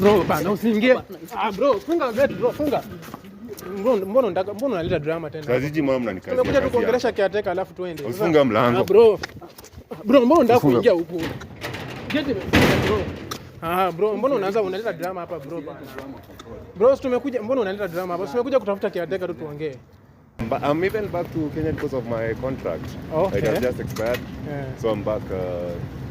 Bro, bana usiingie. Ah bro, funga gate bro, funga. Mbona mbona unaleta drama tena? Kazi mama mnanikazia. Tumekuja tukuongelesha kiateka alafu tuende. Usifunga mlango. Ah, bro. Bro, mbona kuingia huko? bro. Ah bro, mbona unaanza unaleta drama hapa bro bana. Bro, tumekuja mbona unaleta drama hapa? Tumekuja kutafuta kiateka tu tuongee. But I'm even back to Kenya because of my contract. Okay. It has just expired. Yeah. So I'm back uh,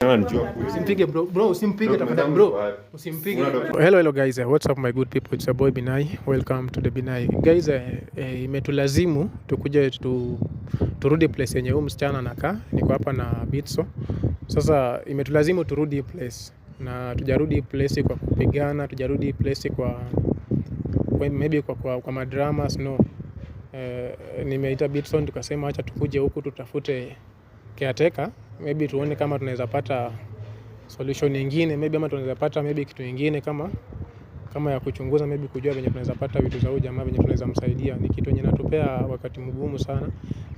Hello hello guys, eh, what's up my good people? It's your boy Binai. Welcome to the Binai. Guys, eh, eh imetulazimu tukuje tu turudi place yenye huyu msichana anakaa. Niko hapa na Bitso. Sasa imetulazimu turudi place na tujarudi place kwa kupigana, tujarudi place kwa maybe kwa, kwa, kwa madramas no. Eh, nimeita Bitson tukasema acha tukuje huku tutafute caretaker, maybe tuone kama tunaweza pata solution nyingine maybe, ama tunaweza pata maybe kitu kingine kama kama ya kuchunguza maybe, kujua venye tunaweza pata vitu za huyu jamaa venye tunaweza msaidia. Ni kitu yenye natupea wakati mgumu sana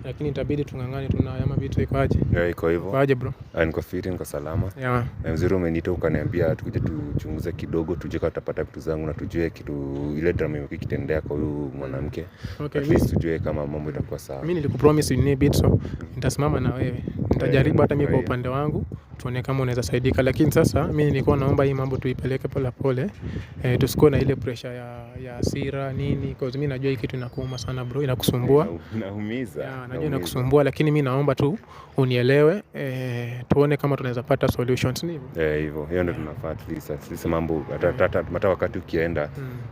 lakini itabidi tung'ang'ane, ama vitu ikoaje? Yeah, iko hivyo. Kwaje bro? Ah, niko fit, niko salama. Yeah. Na mzuri umeniita ukaniambia tukuje tuchunguze kidogo, tujue kama tutapata vitu zangu na tujue kitu ile drama imekuwa ikitendea kwa huyu mwanamke. Okay, at least tujue kama mambo itakuwa sawa. Mimi nilikupromise you need so nitasimama na wewe. Nitajaribu hata mimi kwa upande wangu tuone kama unaweza saidika, lakini sasa mi nilikuwa naomba hii mambo tuipeleke polepole eh, tusikuwe na ile pressure ya, ya hasira nini, cause mimi najua hii kitu inakuuma sana bro, inakusumbua inaumiza, yeah, najua inakusumbua, lakini mi naomba tu unielewe eh, tuone kama tunaweza pata solutions ni hivyo eh, hivyo hiyo ndio tunafaa at least at least mambo hata wakati ukienda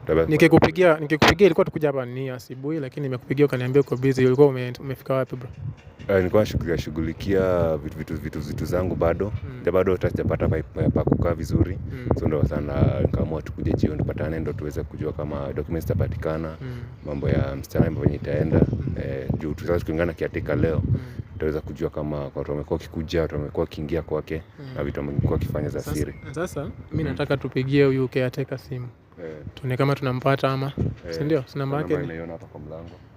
mm. nikikupigia nikikupigia, ilikuwa tukuja hapa ni asubuhi, lakini nimekupigia ukaniambia uko busy, ulikuwa umefika wapi bro? Eh, nilikuwa nashughulikia vitu vitu vitu zangu bado mm. bado tajapata sijapata pa kukaa vizuri mm. so sana nikaamua tukuja jioni tupatane ndo tuweze kujua kama documents zitapatikana mm. mambo ya msichana ambavyo itaenda mm. eh, juu tuaa tukiungana kiatika leo mm taweza kujua kama watu wamekuwa wakikuja, watu wamekuwa wakiingia kwake mm. na vitu wamekuwa wakifanya za siri. Sasa mi mm. nataka tupigie huyu caretaker simu yeah. tuone kama tunampata ama yeah. si ndio? Si namba yake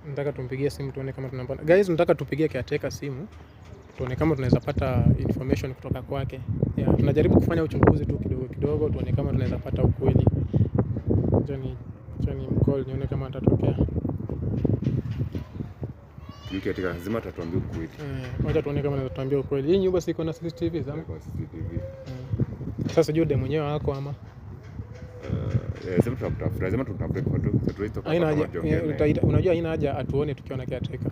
Nataka tumpigie simu tuone kama tunampata. Guys, nataka tupigie caretaker simu tuone kama tunaweza pata information kutoka kwake. Yeah, tunajaribu kufanya uchunguzi tu kidogo kidogo, tuone kama tunaweza pata ukweli. Acha ni mcall nione kama atatokea. Mke katika lazima tatuambia ukweli. Eh, acha tuone kama anaweza tuambia ukweli. Hii nyumba siko na CCTV za? Kwa CCTV. Eh. Hmm. Sasa Jude mwenyewe wako ama? Eh, eh lazima Lazima tutafuta. tutafuta kwa tu. Eh, unajua haina haja atuone tukiwa na caretaker.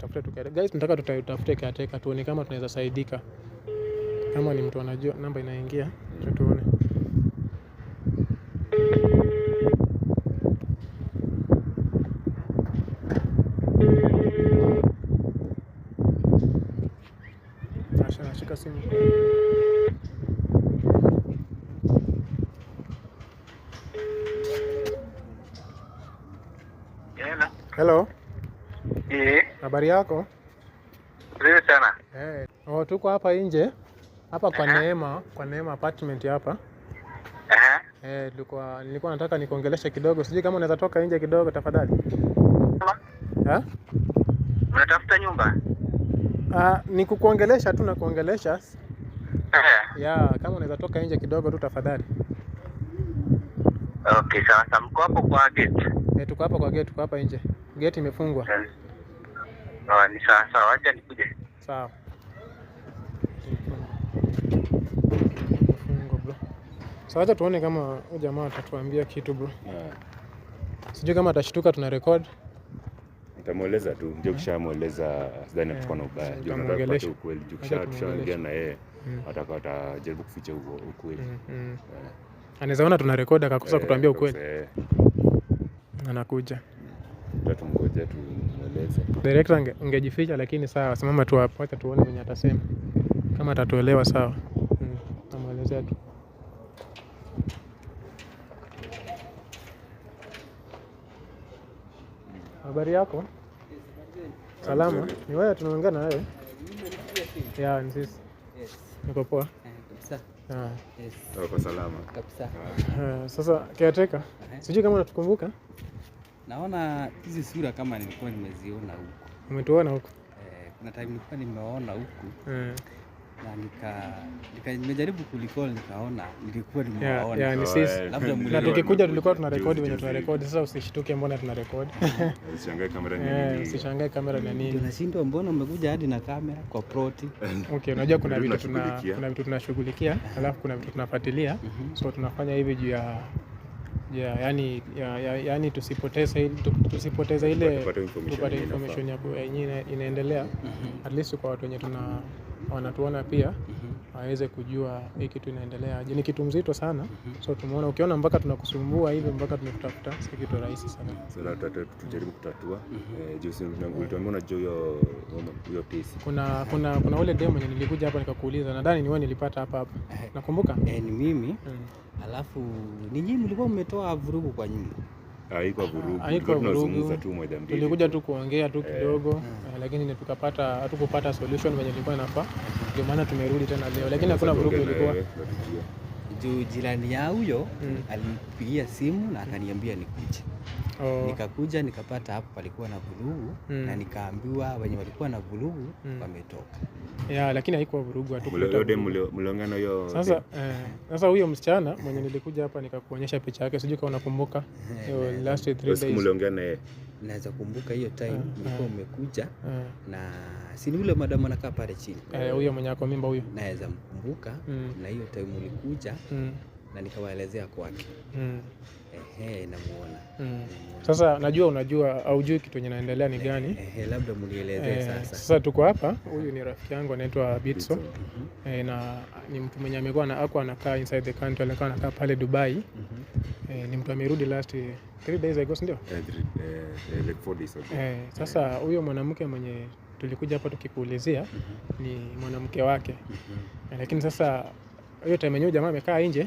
tutafute tukateka. Guys, nataka tutafute kateka tuone kama tunaweza saidika. Kama ni mtu anajua namba inaingia, tuone. Asha, simu. Habari yako? Nzuri sana. Eh, Hey. oh, tuko hapa nje hapa kwa uh -huh. Neema, kwa Neema apartment hapa. Eh, Uh -huh. Hey, nilikuwa nilikuwa nataka nikuongeleshe kidogo, sijui kama unaweza toka nje kidogo tafadhali. Eh? Uh Ha? Unatafuta nyumba? Ah, uh, nikukuongelesha tu na kuongelesha. Eh. Uh -huh. Ya, Yeah, kama unaweza toka nje kidogo tu tafadhali. Okay, sawa Mko hapo kwa gate? Eh, hey, tuko hapa kwa gate, tuko hapa nje. Gate imefungwa. Eh. Sawa, ni sawa sawa, acha nikuje. Sawa. Sasa acha tuone kama jamaa atatuambia kitu bro. Yeah. Sijui kama atashtuka tuna record. Nitamueleza tu, ndio kishamweleza sidhani eh, atakuwa na ubaya. Ndio nataka kupata ukweli, ndio kisha tushaongea na yeye. Mm. Atakuwa atajaribu kuficha huo ukweli. Mm, mm. Eh. Anaweza ona tuna record akakosa eh, kutuambia ukweli. Anakuja. Tumgoje tumweleze. Direkta ungejificha lakini sawa, simama tu hapo, acha tuone mwenye atasema, kama atatuelewa sawa, hmm, namwelezea tu Habari yako? Salama. Ni wewe tunaongea na wewe? Ya, ni sisi. Niko poa. Eh, ah. Yes. salama. Kabisa. Eh, sasa kiateka, eh. sijui kama unatukumbuka? Naona hizi sura kama nilikuwa nimeziona huko. Umetuona huko? Eh, kuna time nilikuwa nimeona huko. Eh. Na nika nika nimejaribu kulikol nikaona nilikuwa nimeona. Yeah, ni sisi. Labda mlikuwa. Na tukikuja tulikuwa tuna record wenye tuna record. Sasa usishtuke mbona tuna record. Eh, usishangae kamera ni eh, nini? usishangae kamera ni nini? Unashindwa mbona umekuja hadi na kamera kwa proti. Okay, unajua kuna vitu tuna kuna vitu tunashughulikia, alafu kuna vitu tunafuatilia. Mhm. So tunafanya hivi juu ya yeah, yani, yeah, yani tusipoteze tusipoteze ile tupate information yenyewe inaendelea mhm. at least kwa watu wenye tuna wanatuona pia mm -hmm aweze kujua hii kitu inaendelea. Je, ni kitu mzito sana mm -hmm. So tumeona ukiona mpaka tunakusumbua hivi mpaka tumekutafuta, si kitu rahisi sana. sana, tutajaribu kutatua mhm. eh, hiyo tesi. Kuna kuna kuna ule demo mwenye nilikuja hapa nikakuuliza, nadhani ni wewe nilipata hapa hapa, eh. nakumbuka eh, ni mimi mm. Alafu ni nyinyi mlikuwa mmetoa vurugu kwa nyinyi haikuwa vurugu, haikuwa vurugu, tu moja mbili, tulikuja tu kuongea tu eh. kidogo eh, lakini tukapata hatukupata solution venye ilikuwa inafaa, ndio maana tumerudi tena leo, lakini hakuna vurugu ilikuwa juu jirani ya huyo mm. alipigia simu na akaniambia nikuje. Oh. Nikakuja nikapata hapo palikuwa na vurugu mm. na nikaambiwa wenye walikuwa na vurugu mm. wametoka. Yeah, lakini haikuwa vurugu mliongana hiyo. Sasa eh, sasa huyo msichana mwenye nilikuja hapa nikakuonyesha picha yake, sijui kama unakumbuka. Last 3 days. Mliongana yeye naweza kumbuka hiyo time mm, ulikuwa mm, umekuja mm, na si ni ule madamu anakaa pale chini eh, huyo mwenye ako mimba huyo, naweza mkumbuka mm, na hiyo time ulikuja mm, na nikawaelezea kwake mm. Ehe, namuona. Sasa najua unajua au jui kitu yenye naendelea ni gani? Ehe, labda munielezee eh, sasa. Sasa tuko hapa, huyu ni rafiki yangu anaitwa Bitso. Mm -hmm. E, na ni mtu mwenye amekuwa na ako anakaa inside the country, alikuwa anakaa pale Dubai. Mm -hmm. E, ni mtu amerudi last 3 days ago, si ndio? Eh, like 4 days ago. Eh, sasa huyo mwanamke mwenye tulikuja hapa tukikuulizia mm -hmm. ni mwanamke wake. Mm -hmm. E, lakini sasa hiyo time yenyewe jamaa amekaa nje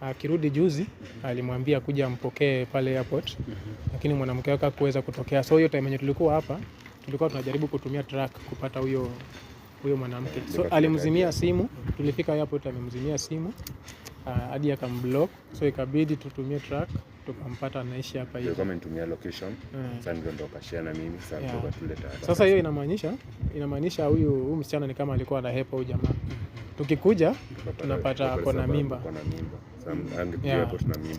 akirudi juzi alimwambia kuja ampokee pale airport, lakini mwanamke wake hakuweza kutokea. So hiyo time yenyewe tulikuwa hapa, tulikuwa tunajaribu kutumia track kupata huyo huyo mwanamke. So alimzimia simu, tulifika airport amemzimia simu ah, hadi akamblock, so ikabidi tutumie track tukampata anaishi hapa hivi. Kama nitumia location eh. Sasa ndio ndo kashare na mimi sasa yeah. Tuleta sasa hiyo inamaanisha inamaanisha huyu msichana ni kama alikuwa anahepa huyu jamaa tukikuja tunapata ako na mimba, mm. mm.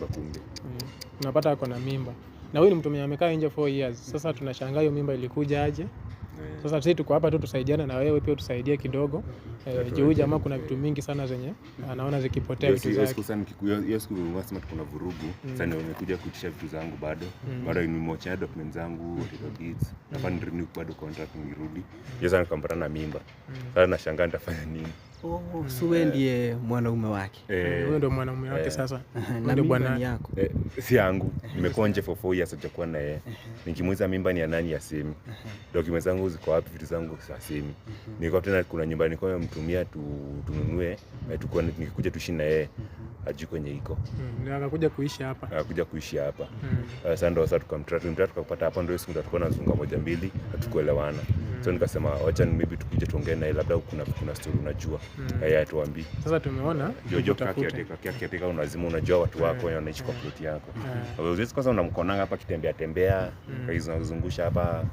tunapata ako na mimba na huyu ni mtu mwenye amekaa nje for years. Sasa tunashangaa hiyo mimba ilikuja aje? Eh. Sasa sisi tuko hapa tu tusaidiane na wewe pia tusaidie kidogo eh, juu jamaa kuna vitu mingi sana zenye anaona zikipotea vitu zake. Hiyo siku unasema kuna vurugu mm. sasa, ndio nimekuja kuitisha vitu zangu bado bado ni mocha document zangu little kids na bado renew bado contract nirudi. Sasa nikampata na mimba sasa, nashangaa nitafanya nini? Oh, si ndiye mwanaume wake. Eh. Eh, wewe ndio mwanaume wake sasa. Eh. Na mimba ni yako. Si yangu. Nimekuwa nje for 4 years sijakuwa na yeye. Nikimuuliza mimba ni ya nani ya simu. Documents zangu ziko wapi, vitu zangu za simu. Niko tena kuna nyumbani kwa mtumia tu tununue, tukua nikikuja tushi na yeye ajui kwenye iko mm. akakuja kuishi hapa akakuja kuishi hapa mm. Uh, sasa ndo sasa tukamtumta tukapata hapa ndo siku tukaona zunga moja mbili hatukuelewana mm. so nikasema wacha maybe tukuje tuongee naye labda kuna kuna story unajua mm. yeye atuambie sasa tumeona jojo kakiatika unazima unajua watu wako yeah. Hmm. wanaishi kwa plot yako yeah. Hmm. Uwezi kwanza unamkonanga hapa kitembea tembea mm. kaizungusha hapa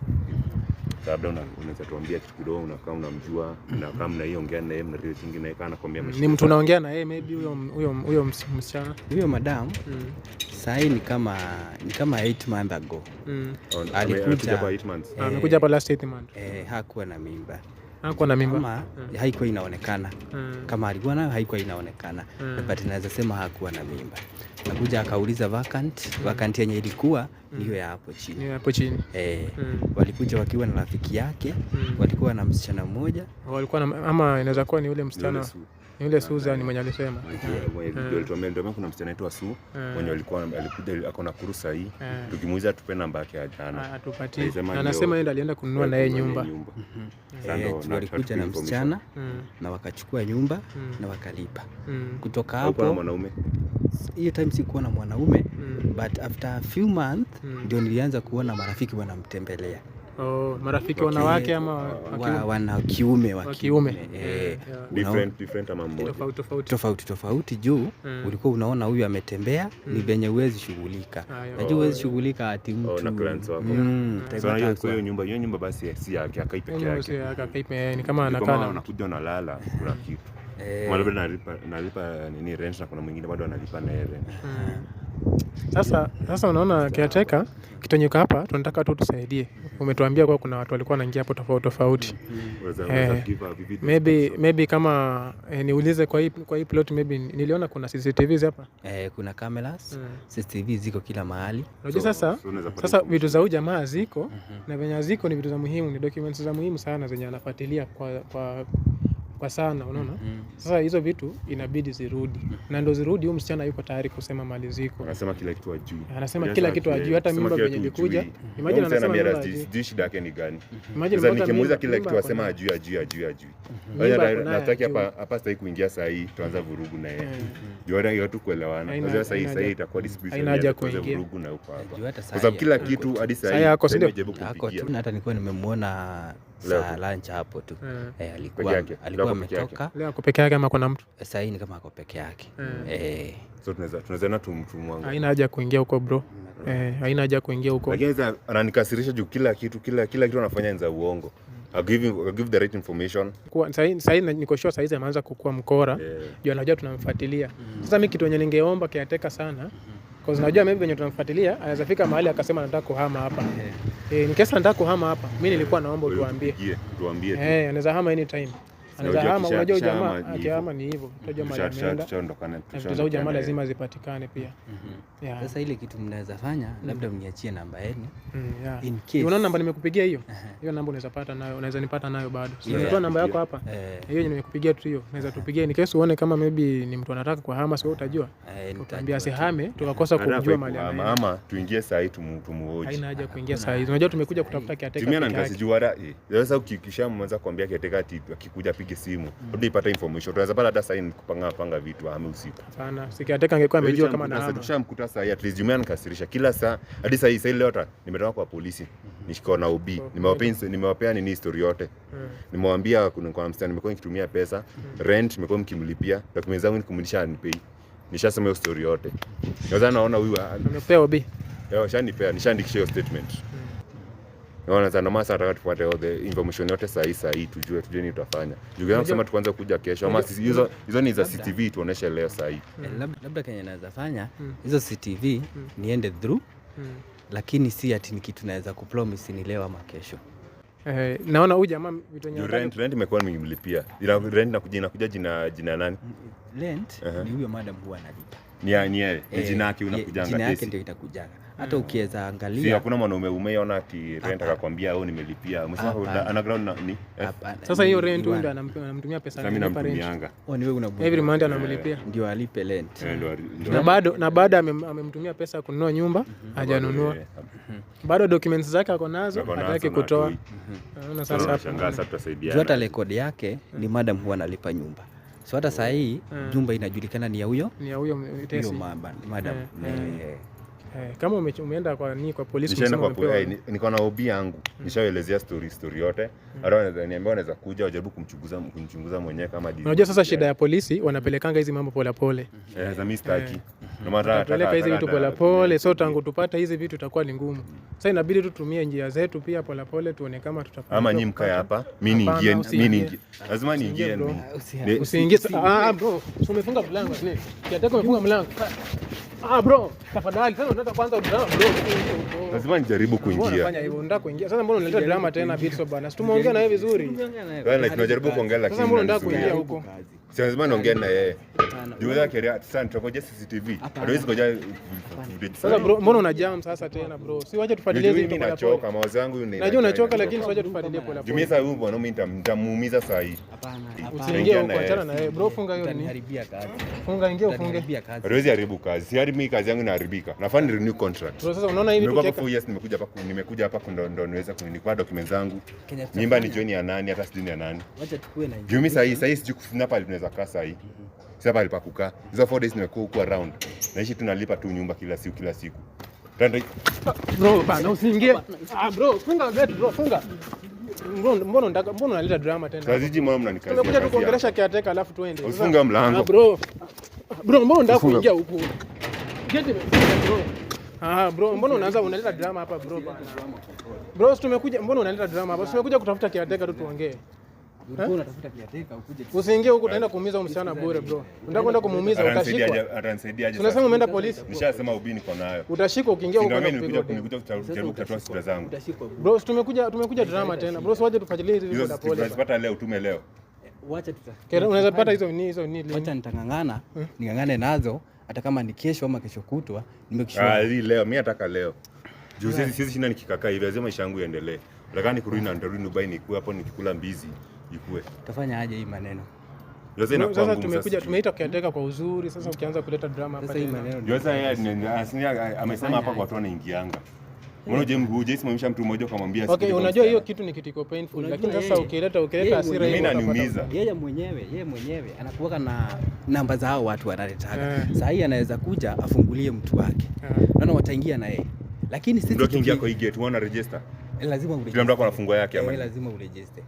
labda unaweza tuambia kitu kidogo, unakaa unamjua, na unakaa mnaiongea naye, mna relate nyingi naye, kana kwambia ni mtu unaongea na yeye maybe huyo huyo huyo msichana huyo madam mm. Sasa ni kama ni kama 8 months ago mm. Oh, Alikuja hapa 8 months, ah, amekuja hapa last 8 months eh, hakuwa na mimba Hakuwa ah, na mimba. hmm. haikuwa inaonekana. Hmm. Kama alikuwa nayo haikuwa inaonekana. Hmm. But naweza sema hakuwa na mimba. Nakuja akauliza vacant, hmm. vacant yenye ilikuwa hmm. hiyo ya hapo chini. Hiyo hapo chini. Eh. Hmm. Walikuja wakiwa na rafiki yake, hmm. walikuwa na msichana mmoja. Walikuwa na ama inaweza kuwa ni yule msichana yule ni mwenye alisema eh. ndio maana kuna msichana anaitwa Su eh. mwenye alikuwa alikuja akaona kurusa hii, eh. tukimuuliza tupe namba yake ajana ah, atupatie, anasema yeye alienda kununua na yeye nyumba. Walikuja mhm. na msichana mm. na wakachukua nyumba mm. na wakalipa. Mm. Kutoka hapo hiyo time sikuwa na mwanaume, but after a few months ndio nilianza kuona marafiki wanamtembelea Oh, marafiki wanawake ama wa, wana kiume wa kiume eh, eh. different different ama mmoja tofauti tofauti tofauti juu mm. Ulikuwa unaona huyu ametembea mm. Ni venye huwezi shughulika, najua huwezi shughulika ati mtu oh, na clients wako mm, mm. hiyo kwa hiyo nyumba hiyo nyumba basi si yake akai peke yake akai peke ni kama anakaa unakuja unalala kuna kitu eh, mara nalipa nalipa eh, nini rent na kuna mwingine bado analipa na rent mm. Sasa sasa unaona caretaker kitonyoka hapa tunataka tu tusaidie. Umetuambia kwa kuna watu walikuwa wanaingia hapo tofauti tofauti. Eh, maybe maybe kama eh, niulize kwa hii kwa hii plot maybe niliona kuna CCTV hapa. Eh, kuna cameras, mm. CCTV ziko kila mahali. Unajua so, sasa sasa vitu za huyu jamaa ziko mm -hmm. na venye ziko ni vitu za muhimu, ni documents za muhimu sana zenye anafuatilia kwa kwa kwa sana, unaona mm -hmm. Sasa hizo vitu inabidi zirudi mm -hmm. na ndo zirudi, huyu msichana yuko tayari kusema mali ziko, anasema kila kitu ajui, anasema kila kitu ajui, hata mimba yenye ilikuja, imagine anasema mimba ajui, yaani shida yake ni gani? Mm-hmm. Imagine Sasa nikimuuliza kila kitu asema ajui, ajui, ajui, ajui. Mm-hmm. Nataki hapa hapa sasa kuingia saa hii tuanza vurugu na yeye, ndio ndio watu kuelewana. Sasa saa hii saa hii itakuwa dispute, inaja kuingia vurugu na huko hapa, kwa sababu kila kitu hadi saa hii hako, sio haijabu kupigia. Hata nilikuwa nimemuona saa lunch hapo tu mm. E, alikuwa alikuwa ametoka leo ako peke yake ama kuna mtu eh, sasa hii ni kama ako peke yake hmm. eh. so tunaweza tunaweza haina haja kuingia huko bro mm. haja kuingia huko, lakini ananikasirisha juu kila kitu kila kila kitu anafanya ni za uongo hmm. give, give the right information. niko sure ameanza kukua mkora yeah. Juu anajua tunamfuatilia mm. Sasa mi kitu ningeomba kiateka sana mm. Najua maybe venye tunamfuatilia anaweza fika mahali akasema nataka kuhama hapa yeah. Eh, nikiasa nataka kuhama hapa. Mimi nilikuwa naomba utuambie. Tuambie. Eh, anaweza hama anytime unajua ujamaa akihama ni hivyo, jamaa ameenda vitu za ujamaa lazima zipatikane pia. Mhm. Sasa ile kitu mnaweza fanya, labda mniachie namba yenu, mm, in case unaona namba nimekupigia hiyo hiyo, namba unaweza pata nayo, unaweza nipata nayo bado. Unatoa namba yako hapa, eh. hiyo nimekupigia tu hiyo, unaweza tupigia in case uone kama maybe ni mtu anataka kuhama, sio utajua, eh, utaambia asihame, tukakosa kumjua mahali ameenda. Ama tuingie saa hii tumuoje? Haina haja ah, kuingia saa hii, unajua tumekuja kutafuta kiateka. Eh, sasa, ukikisha mwanza kuambia kiateka, akikuja apige simu ndio ipata information. Tunaweza pata hata sign kupanga panga vitu hame usiku. Sana. sikiateka angekuwa amejua kama na hapo. mkuta saa at least jumia nikasirisha kila saa hadi saa hii saa leo hata nimetoka kwa polisi mhm. nishikao na OB. Oh, nimewapea okay. nimewapea nini history yote. Mm. Nimewaambia kuna kwa mstari nimekuwa nikitumia pesa, mm. rent nimekuwa nikimlipia, documents zangu nikumlisha anipei. Nishasema hiyo story yote. Naweza naona huyu amepewa OB. Yeye eh, shanipea, nishaandikisha hiyo statement. Hmm. Wanazanamasa ataka tupate the information yote sahihi sahihi, tujue tujue nini tutafanya. Juu Jukianza sema tuanze kuja kesho, ama hizo hizo ni za CCTV tuoneshe leo sahihi. Mm. Eh, labda Kenya naweza fanya mm. hizo CCTV mm. niende through, lakini si ati ni kitu naweza ku promise ni leo ama kesho. Eh, naona huyu jamaa vitu nyingi. Rent rent imekuwa nimemlipia. Ila rent na kuja inakuja jina jina nani? Rent ni huyo madam huwa analipa. Ni yeye, ni eh, jina yake unakuja ngati. Jina yake ndio itakujaga hata ukiweza angalia. Si hakuna mwanaume umeona ati rent akakwambia au oh, nimelipia. Umesema underground ni. Eh? Sasa hiyo rent ndio ndo anamtumia pesa yake kwa rent. Oh, ni wewe unabuni. Every month anamlipia. Ndio alipe rent. Eh, na bado na bado amemtumia pesa kununua nyumba, mm-hmm. hajanunua. Eh, bado documents zake ako nazo, hataki kutoa. Na mm-hmm. sasa hapa. Tutasaidiana. Hata record yake mm. ni madam huwa analipa nyumba. So hata saa hii mm. nyumba inajulikana ni ya huyo. Ni ya huyo madam. Eh, kama ume, umeenda kwa eh, ni kwa polisi nishaenda kwa polisi, hey, niko na OB yangu mm. Nishaelezea story story yote mm. Hata wanaweza niambia, wanaweza kuja wajaribu kumchunguza kumchunguza mwenyewe kama dini. Unajua sasa eh. shida ya polisi wanapelekanga hizi mambo pole pole. Eh, za mimi sitaki. Ndio maana tunapeleka hizi vitu pole pole, so tangu tupata hizi vitu itakuwa ni ngumu. Mm. Sasa inabidi tu tumie njia zetu pia pole pole, tuone kama tutapata. Ama nyinyi mkae hapa, mimi niingie, mimi niingie. Lazima niingie mimi. Usiingie. Ah, ah bro, umefunga mlango. nini Kiataka umefunga mlango. Ah bro, tafadhali sasa unataka kwanza bro. Lazima nijaribu kuingia. Unafanya hivyo, unataka kuingia. Sasa mbona unaleta drama tena Bitso bana? situmeongea naye vizuri. Wewe unajaribu kuongea lakini. Sasa mbona unataka kuingia huko? Lazima na yeye. Juza kerea sana tungoja CCTV. Hatuwezi ngoja. Sasa bro, mbona una jam sasa tena bro? Si waje tufuatilie hivi mimi nachoka mawazo yangu ni. Najua unachoka lakini si waje tufuatilie pole pole. Jumisa huyu bwana mimi nitamuumiza saa hii. Hapana, Usiingie huko achana na yeye. Bro funga hiyo ni. Haribia kazi. Funga ingia ufunge. kazi. Hatuwezi haribu kazi. Si kazi yangu inaharibika. Nafaa ni renew contract. Bro sasa unaona hivi Nimekuja hapa nimekuja hapa ndo ndo niweza kunikwa documents zangu. Nyumba ni join ya nani hata sijui ni ya nani. Wacha tukue na hiyo. Jumisa hii sasa sijui kufuna pale tunaweza za kasa saa hii, sasa hapa alipa kukaa hizo 4 days nimekuwa huko around, naishi tunalipa tu nyumba kila siku kila siku. Twende bro bana, usiingie ah bro, funga gate bro, funga Mbona unataka mbona unaleta drama tena? Kaziji mama mnanikazia. Tumekuja tu kuongelesha kiateka alafu tuende. Usifunge mlango. Ah Bro. Ah, bro, mbona unataka kuingia huko? Gate imefunga bro. Ah bro, mbona unaanza unaleta drama hapa bro bana. Bro, tumekuja mbona unaleta drama hapa? Tumekuja kutafuta kiateka tu tuongee. Usiingie huko utaenda kuumiza msichana bure bro. Unataka kwenda kumuumiza utashikwa. Atanisaidia aje? Unasema umeenda polisi. Nishasema ubini kwa nayo. Utashikwa ukiingia huko Mimi nimekuja kunikuja kujaribu kutatua shida zangu. Bro, tumekuja tumekuja drama tena. Bro, waje tufuatilie hizi video za polisi. Tunazipata leo tume leo. Eh, wacha tuta. Unaweza pata hizo ni hizo ni. Wacha nitangangana, eh. ningangane nazo hata kama ni kesho ama kesho kutwa, nimekishwa. Ah, hii leo, mimi nataka leo. Juu eh. sisi sisi shinda nikikakaa hivi, lazima maisha yangu iendelee. Nataka nikurudi na ndarudi Dubai nikuwe hapo nikikula mbizi ikue. Tafanya aje hii maneno? sasa. Tumekuja tumeita caretaker kwa uzuri, sasa ukianza kuleta drama hapa tena. Yote yeye asinia amesema hapa kwa tona ingianga. Mbona je mguu je simamisha mtu mmoja ukamwambia Okay, unajua hiyo kitu ni kitiko painful, lakini sasa ukileta ukileta hasira hiyo inaniumiza. Yeye mwenyewe, yeye mwenyewe anakuwa na namba za hao watu wanaletaka. Eh. Sasa hii anaweza kuja afungulie mtu wake. yeah. Naona wataingia na yeye. Lakini sisi tukiingia kwa hii gate, unaona register. Eh, lazima uregister. Kila mtu anafungua yake eh, ama. Lazima uregister.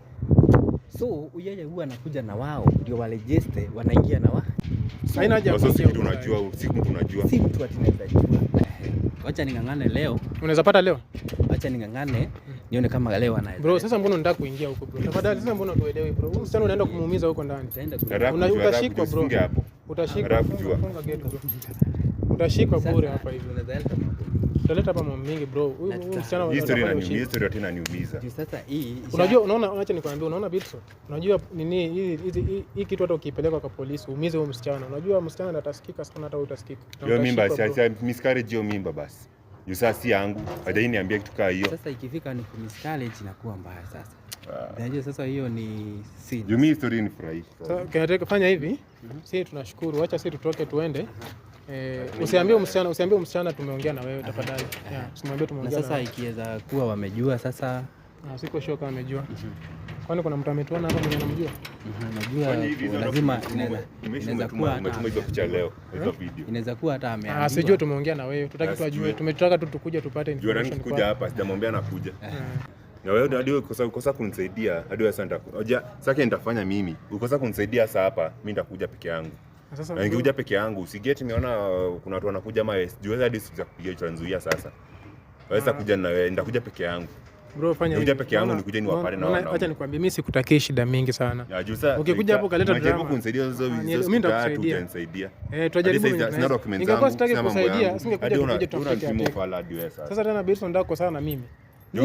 So yeye huwa anakuja na wao ndio warejeste, wanaingia na wao. Haina haja ya si mtu unajua, si mtu unajua, si mtu atinajua. Wacha ning'ang'ane leo. Unaweza pata leo? Wacha ning'ang'ane nione kama leo anaweza. Bro, sasa mbona unataka kuingia huko bro? Tafadhali sasa mbona tuelewe bro? Huyu msichana unaenda kumuumiza huko ndani. Utashikwa bro. Utashikwa. Utashikwa bure hapa hivi. Unaweza enda utaleta hapa mambo mengi bro. Huyu msichana wa history na history tena niumiza. Sasa hii unajua, unaona, acha nikwambie, unaona Bitso, unajua nini hii hii kitu, hata ukipeleka kwa polisi uumize huyo msichana, unajua msichana atasikika sana, hata utasikika hiyo mimba, si miscarriage hiyo mimba basi Yusa si yangu hajai niambia kitu kama hiyo. Sasa ikifika ni miscarriage inakuwa mbaya sasa. Ah. Najua sasa hiyo ni sin. Jumii story ni furahi. Sasa fanya hivi, mhm. sisi tunashukuru, acha sisi tutoke tuende Eh, usiambie msichana, usiambie msichana tumeongea na wewe tafadhali. Yeah, usimwambie tumeongea. Na sasa ikiweza kuwa wamejua sasa. Ah, siko shoka kama wamejua. Mhm. Kwani kuna mtu ametuona hapa mwenye anamjua? Mhm, najua lazima inaweza kuwa umetuma hizo picha leo, hizo eh? video. Inaweza kuwa hata ameambiwa. Ah, sijui tumeongea na wewe. Tutaki tujue. Tumetaka tu tukuje tupate information. Jua kuja hapa, sijamwambia nakuja. Eh. Na wewe ndio hadi ukosa ukosa kunisaidia. Hadi wewe sasa nitakuja. Sasa nitafanya mimi. Ukosa kunisaidia sasa hapa, mimi nitakuja peke yangu. Sasa ningekuja peke yangu usigeti nimeona uh, kuna watu wanakuja ma sijuweza hadi siku za kupiga nzuia Sasa waweza ah. kuja na wewe, nitakuja peke yangu bro, fanya Nikuja peke yangu, nikuje niwapane na wao. Acha nikwambie, mimi sikutakii shida mingi sana. Ukikuja hapo kaleta drama, najaribu kunisaidia hizo ah, hizo, mimi nitakusaidia, utanisaidia. Eh, tutajaribu. Sina documents zangu, Ningekuwa sitaki kusaidia, singekuja kuja. Sasa tena Benson ndako sana mimi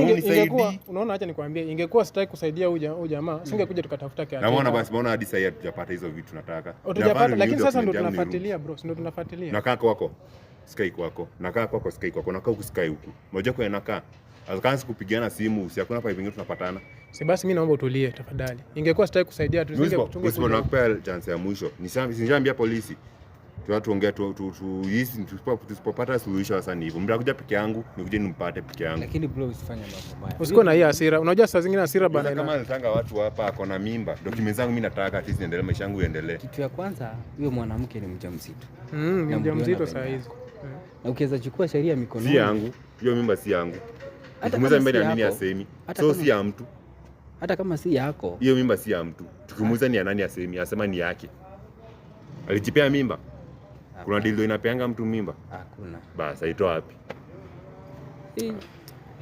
ingekuwa unaona, acha nikwambie, ingekuwa sitaki kusaidia huyu jamaa mm. singekuja tukatafuta kia. Naona basi, maona hadi sasa hatujapata hizo vitu nataka. Hatujapata, lakini sasa ndio tunafuatilia bro, ndio tunafuatilia. Nakaa kwako sky kwako, nakaa kwako sky kwako, nakaa huku sky huku, moja kwa inakaa Akaanza kupigana simu, si hakuna pale pengine tunapatana. Si basi mimi naomba utulie tafadhali. Ingekuwa sitaki kusaidia tu, singekuchunguza. Nakupea chance ya mwisho. Nishaambia polisi tuatuongea tusipopata suluhisho. Sasa ni hivyo, mtakuja peke yangu, nikuja nimpate peke yangu. Lakini bro, usifanye mambo mabaya, usikuwe na hii hasira. Unajua saa zingine hasira bana, kama nataka watu hapa ako na mimba, dokumenti zangu mimi nataka at least niendelee, maisha yangu iendelee. Kitu ya kwanza, huyo mwanamke ni mjamzito, mm, ni mjamzito saa hizi, na ukiweza chukua sheria mikononi. Si yangu hiyo mimba, si yangu, nikimuuliza mbele ya nini asemi, so si ya mtu. Hata kama si yako hiyo mimba, si ya mtu, tukimuuliza ni ya nani asemi, asema ni yake, alijipea mimba kuna dildo inapeanga mtu mimba? Hakuna. Basi aitoa wapi?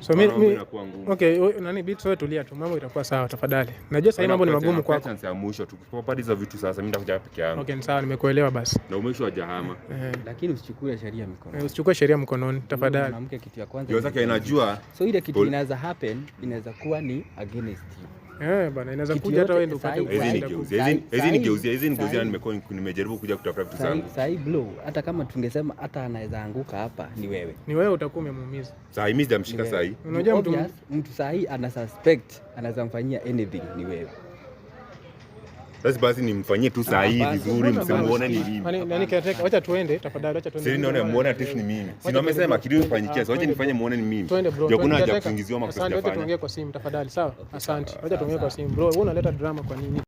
So mi, mi, okay, nani bit wewe tulia tu, mambo itakuwa sawa tafadhali. Najua sasa mambo ni magumu kwako. Chance ya mwisho tu. Kwa padi vitu sasa mimi nitakuja peke yangu. Okay, sawa nimekuelewa basi. Na umesho jahama. Eh. Lakini usichukue sheria mikononi. Eh, usichukue sheria mkononi tafadhali. Mwanamke kitu ya kwanza. Yeye anajua. So ile kitu inaweza happen inaweza kuwa ni against you. Eh bana, kuja hata wewe nimejaribu kuja kutafuta vitu zangu. Sasa hii hata kama tungesema hata anaweza anguka hapa ni wewe. Ni wewe utakuwa umemuumiza. Sasa mimi sijamshika sasa Unajua mtu mtu sasa ana suspect, anaweza mfanyia anything ni wewe. Basi basi nimfanyie tu ah, saa hii vizuri, msimuone ni nini. Nani yaani, kinataka? Acha tuende tafadhali, acha tuende. Sisi naona muone atifu ni mimi. Si ndio amesema kilio fanyikia. Ah, acha nifanye muone ni mimi. Ndio kuna haja kusingiziwa makosa. Asante, tuongee kwa simu tafadhali, sawa? Asante. Acha tuongee kwa simu bro. Wewe unaleta drama kwa nini?